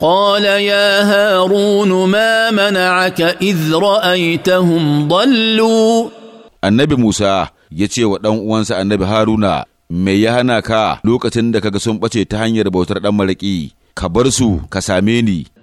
قال يا هارون ما منعك إذ رأيتهم ضلوا النبي موسى يتي ودن uwansa annabi Haruna "Mai ya hana ka lokacin da ka ga sun ɓace ta hanyar bautar ɗan malaki ka bar su ka same ni